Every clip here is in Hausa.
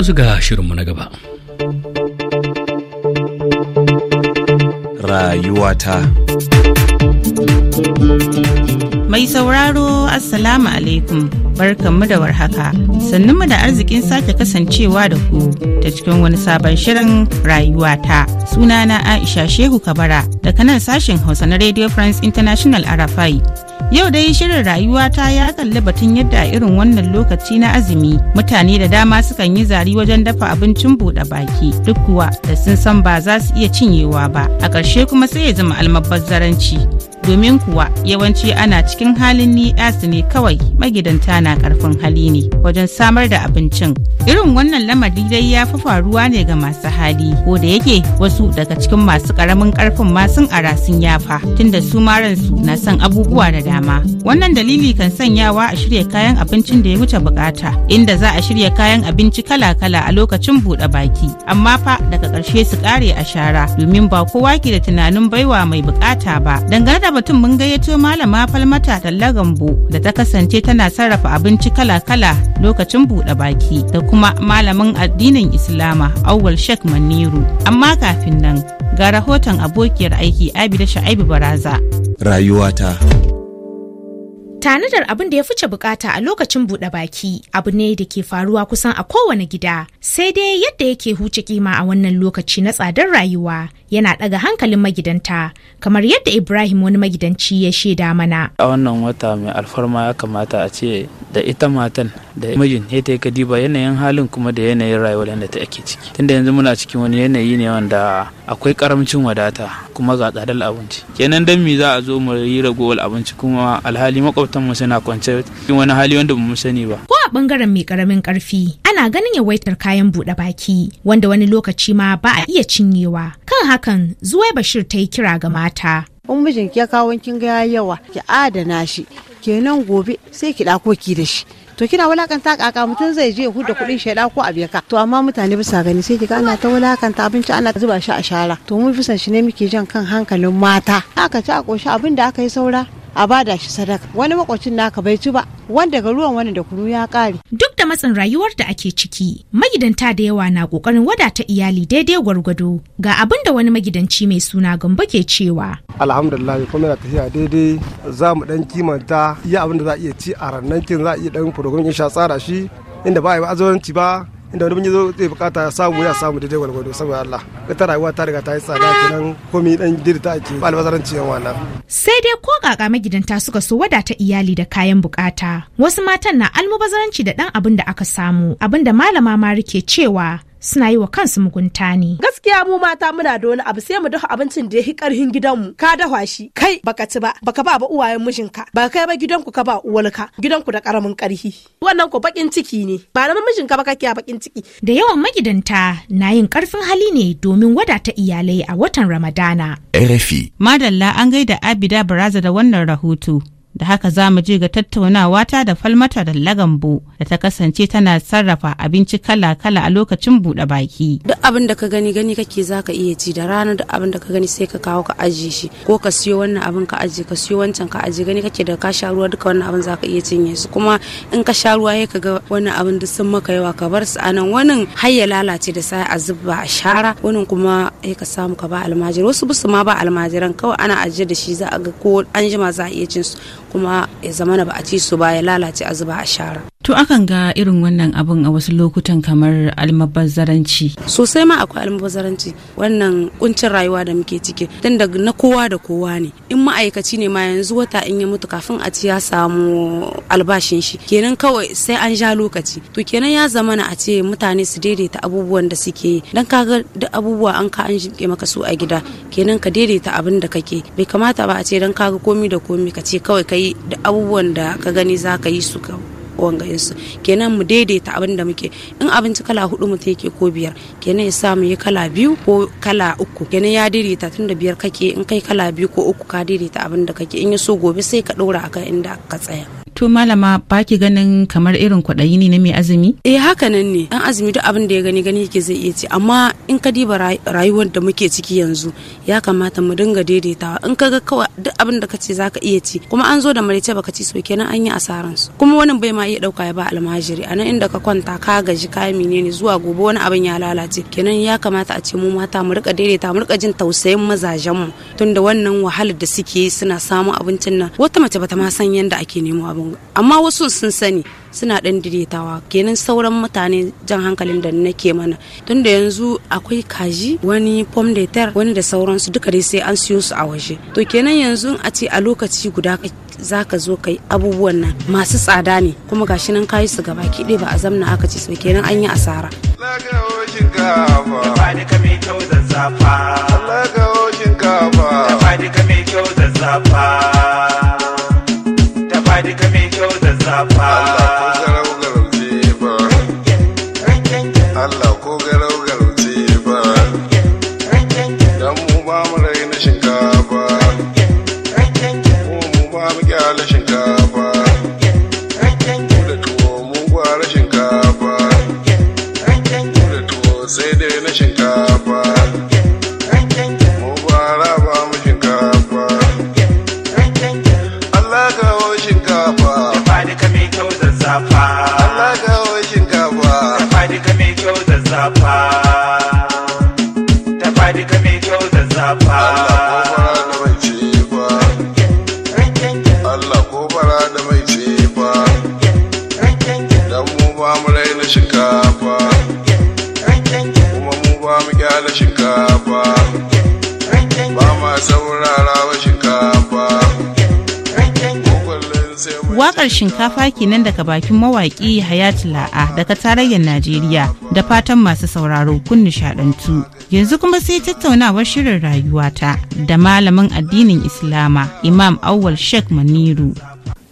yanzu ga shirinmu na gaba. Rayuwata Mai sauraro Assalamu alaikum barkanmu da warhaka mu da arzikin sake kasancewa da ku ta cikin wani sabon shirin rayuwata sunana Aisha Shehu Kabara daga nan sashen Hausa na Radio France International Arafai Yau dai shirin rayuwa ta ya kalli batun yadda a irin wannan lokaci na azumi mutane da dama sukan yi zari wajen dafa abincin buɗe baki duk kuwa da sun san ba za su iya cinyewa ba a ƙarshe kuma sai ya zama almabazzaranci. domin kuwa yawanci ana cikin halin ni ne kawai magidanta na karfin hali ne wajen samar da abincin irin wannan lamari dai ya fi faruwa ne ga masu hali ko da yake wasu daga cikin masu karamin karfin ma sun ara sun yafa tunda su maransu na son abubuwa da dama wannan dalili kan sanyawa a shirya kayan abincin da ya wuce bukata inda za a shirya kayan abinci kala-kala a lokacin buɗe baki amma fa daga ƙarshe su ƙare a shara domin ba kowa ke da tunanin baiwa mai bukata ba dangane da yasa batun mun gayyato malama falmata talla gambo da ta kasance tana sarrafa abinci kala-kala lokacin buɗe baki da kuma malamin addinin islama awwal sheikh maniru amma kafin nan ga rahoton abokiyar aiki abida sha'ibu baraza rayuwata Tanadar abin da ya fice bukata a lokacin buɗe baki abu ne da ke faruwa kusan a kowane gida sai dai yadda yake huce kima a wannan lokaci na tsadar rayuwa yana ɗaga hankalin magidanta kamar yadda Ibrahim wani magidanci ya shaida mana. A wannan wata mai alfarma ya kamata a ce da ita matan da mijin ya ta diba yanayin halin kuma da yanayin rayuwar da ta ake ciki. Tunda yanzu muna cikin wani yanayi ne wanda akwai karamcin wadata kuma ga tsadar abinci kenan dan me za a zo mu yi ragowar abinci kuma alhali makwabtan mu suna kwance wani hali wanda ba mu sani ba ko a bangaren mai karamin karfi ana ganin yawaitar kayan bude baki wanda wani lokaci ma ba a iya cinyewa kan hakan zuwai bashir ta yi kira ga mata in mijinki ya kawo kin ga yawa ki adana shi kenan gobe sai ki dako ki da shi to kina wulakanta kaka mutum zai je huda kuɗin shaida ko a biyaka to amma mutane bisa gani sai kika ana ta wulakanta abinci ana zuba shi a shara to mun fisa shi ne muke jan kan hankalin mata aka ci a koshi abin da aka yi saura a bada shi sadaka wani makwacin naka bai ci ba wanda ga ruwan wani da kunu ya kare duk da matsin rayuwar da ake ciki magidanta da yawa na kokarin wadata iyali daidai gwargwado ga abin da wani magidanci mai suna gamba ke cewa alhamdulillah kuma yana tafiya daidai za mu dan kimanta iya abin da za a iya ci a rannan kin za a iya dan program in sha tsara shi inda ba a yi ba ba inda wani ya zo zai bukata ya samu ya samu daidai gwargwado saboda Allah ita rayuwa ta riga ta yi tsada kenan komi dan dirta ake albazaranci yan wannan sai dai ko kaka magidanta suka so wadata iyali da kayan bukata wasu matan na almubazaranci da dan abin da aka samu abin da malama ma rike cewa suna yi wa kansu mugunta ne. Gaskiya mu mata muna da wani abu sai mu dafa abincin da ya hi karhin gidanmu ka dafa shi kai baka ci ba baka ba ba uwayen mijinka ba kai ba gidanku ka ba uwalka gidanku da karamin karhi wannan ko bakin ciki ne ba na mijinka ba kake bakin ciki. Da yawan magidanta na yin karfin hali ne domin wadata iyalai a watan Ramadana. RFI. Madalla an gaida Abida Baraza da wannan rahoto. da haka za mu je ga tattaunawa ta da falmata da lagambo da ta kasance tana sarrafa abinci kala-kala a lokacin buɗe baki. Duk abin da ka gani gani kake za ka iya ci da rana duk abin da ka gani sai ka kawo ka ajiye shi ko ka siyo wannan abin ka ajiye ka siyo wancan ka ajiye gani kake da ka sha ruwa duka wannan abin za ka iya cinye su kuma in ka sha ruwa ka ga wannan abin duk sun maka yawa ka bar su anan wannan har ya lalace da sai a zuba a shara wannan kuma ya ka samu ka ba almajiri wasu bisu ma ba almajiran kawai ana ajiye da shi za a ga ko an jima za a iya cin su kuma ya zama na ba a ci su ba ya lalace a zuba a shara To akan ga irin wannan abun a wasu lokutan kamar almabazzaranci. Sosai ma akwai almabazzaranci wannan kuncin rayuwa da muke ciki dan da na kowa da kowa ne. In ma'aikaci ne ma yanzu wata in ya mutu kafin a ci ya samu albashin shi kenan kawai sai an ja lokaci. To kenan ya zama na a ce mutane su daidaita abubuwan da suke yi dan kaga duk abubuwa an ka an jike maka su a gida kenan ka daidaita abin da kake bai kamata ba a ce dan kaga komi da komi ka ce kawai ka yi da abubuwan da ka gani za ka yi su wanga su kenan mu daidaita abin da muke in abinci kala hudu mutum yake ko biyar kenan ya samu ya kala biyu ko kala uku kenan ya daidaita tun da biyar kake in kai kala biyu ko uku ka daidaita abin da kake in ya so gobe sai ka ɗora akan inda ka tsaya to malama ba ki ganin kamar irin kwaɗayi ne na mai azumi eh haka nan ne dan azumi duk abin da ya gani gani yake zai iya ci amma in ka diba rayuwar da muke ciki yanzu ya kamata mu dinga daidaitawa in ka ga kawai duk abin da ka ce zaka iya ci kuma an zo da marice baka ci so kenan an yi asaran kuma wani bai ma iya dauka ya ba almajiri anan inda ka kwanta ka gaji ka yi menene zuwa gobe wani abin ya lalace kenan ya kamata a ce mu mata mu rika daidaita mu rika jin tausayin mazajen mu tunda wannan wahalar da suke suna samun abincin nan wata mace bata ma san yanda ake nemo abin amma wasu sun sani suna dan diretawa kenan sauran mutane jan hankalin da nake mana tun da yanzu akwai kaji wani pom de terre wani da sauransu duka dai sai an siyo su a waje to kenan yanzu a ce a lokaci guda za ka zo kai abubuwan nan masu tsada ne kuma gashi nan kayi su gaba kiɗe ba a zamna aka ci su kenan an yi asara Zafa. kyala shinkafa Waƙar shinkafa kenan daga bakin mawaƙi Hayatu La'a daga tarayyar Najeriya da fatan masu sauraro kun nishaɗantu. Yanzu kuma sai tattaunawar shirin rayuwata da malamin addinin Islama Imam Awwal Sheikh Maniru.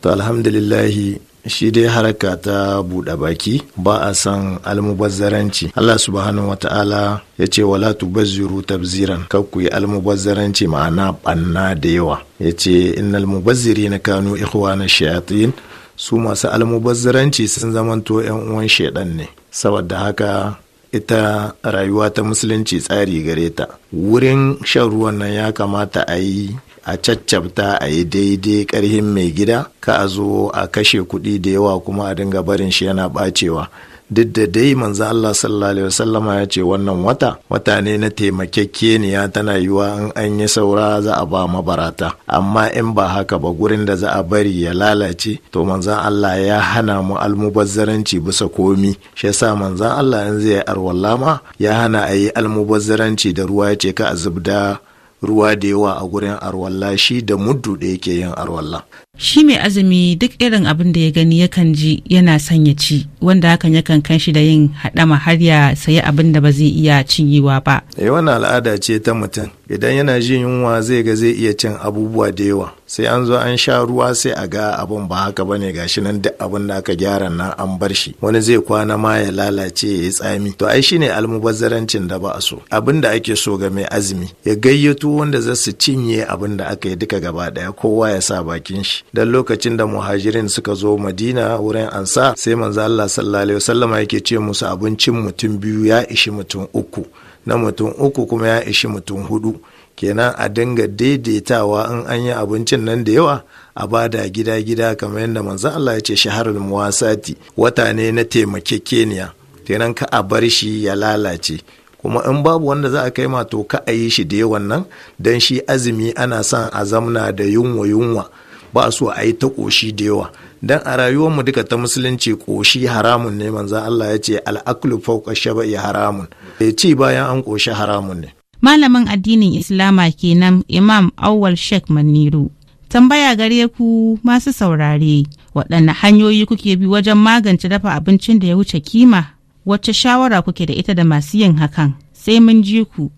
To alhamdulillahi shi dai haraka ta buɗe baki ba a san almubazzaranci Allah subhanahu wata'ala ya ce wala tubazziru tabziran kar ku yi almubazzaranci ma'ana banna da yawa ya ce innal mubazzirina kanu ikhwana shayatin su masu almubazzaranci sun zamanto yan uwan shaidan ne saboda haka ita rayuwa ta musulunci tsari gare ta wurin shan ruwan nan ya kamata a yi a caccabta a yi daidai karhin mai gida ka a zo a kashe kuɗi da yawa kuma a dinga barin shi yana ɓacewa duk da dai manzo Allah sallallahu alaihi wasallama ya ce wannan wata wata ne na ya tana yiwa in an yi saura za a ba mabarata amma in ba haka ba gurin da za a bari ya lalace to manzo Allah ya hana mu almubazzaranci bisa komi shi yasa manzo Allah in zai arwallama ya hana a yi almubazzaranci da ruwa ya ce ka a zubda ruwa da yawa a gurin arwalla shi da muddu da yake yin arwalla shi mai azumi duk irin abin da ya gani yakan ji yana sanya ci wanda hakan yakan kan shi da yin haɗama har ya sayi abin da ba zai iya cinyewa ba. Eh wani al'ada ce ta mutum idan yana jin yunwa zai ga zai iya cin abubuwa da yawa sai an zo an sha ruwa sai a ga abin ba haka ba ne gashi nan duk abin da aka gyara nan an bar shi wani zai kwana ma ya lalace ya yi tsami to ai shine almubazzarancin da ba a so abin da ake so ga mai azumi ya gayyato wanda za su cinye abin da aka yi duka gaba daya kowa ya sa bakin shi dan lokacin da muhajirin suka zo madina wurin ansa sai manzo Allah sallallahu alaihi wasallama yake ce musu abincin mutum biyu ya ishi mutum uku na mutum uku kuma ya ishi mutum hudu kenan a dinga daidaitawa in an yi abincin nan da yawa a bada gida-gida kamar yadda manzo Allah ya ce shaharul muwasati wata ne na keniya, kenan ka a bar shi ya lalace kuma in babu wanda za a kai ma to ka a yi shi da yawan nan don shi azumi ana son a zamna da yunwa yunwa ba su a yi ta ƙoshi da yawa dan a rayuwar mu duka ta musulunci ƙoshi haramun ne manzan Allah ya ce al'aklu fawqa shaba'i haramun eh, ci bayan an ƙoshi haramun ne malamin addinin islama kenan imam awwal sheikh maniru tambaya gare ku masu saurare waɗanne hanyoyi kuke bi wajen magance dafa abincin da ya wuce kima wacce shawara kuke da ita da masu yin hakan sai mun ji ku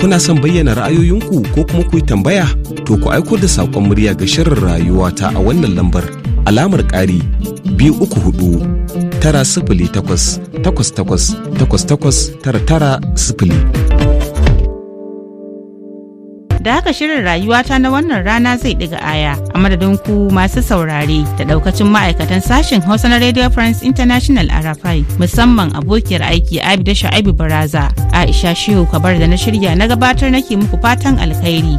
kuna son bayyana ra'ayoyinku ko kuma ku yi tambaya to ku aiko da saƙon murya ga shirin rayuwa ta a wannan lambar alamar ƙari biyu uku hudu tara sifili takwas takwas takwas takwas takwas tara tara sifili da haka shirin rayuwata na wannan rana zai ɗiga aya a madadin ku masu saurare da ɗaukacin ma'aikatan sashen hausa na radio france international arafai musamman abokiyar aiki abida da sha'ibu baraza aisha shehu kabar da na shirya na gabatar nake muku fatan alkhairi.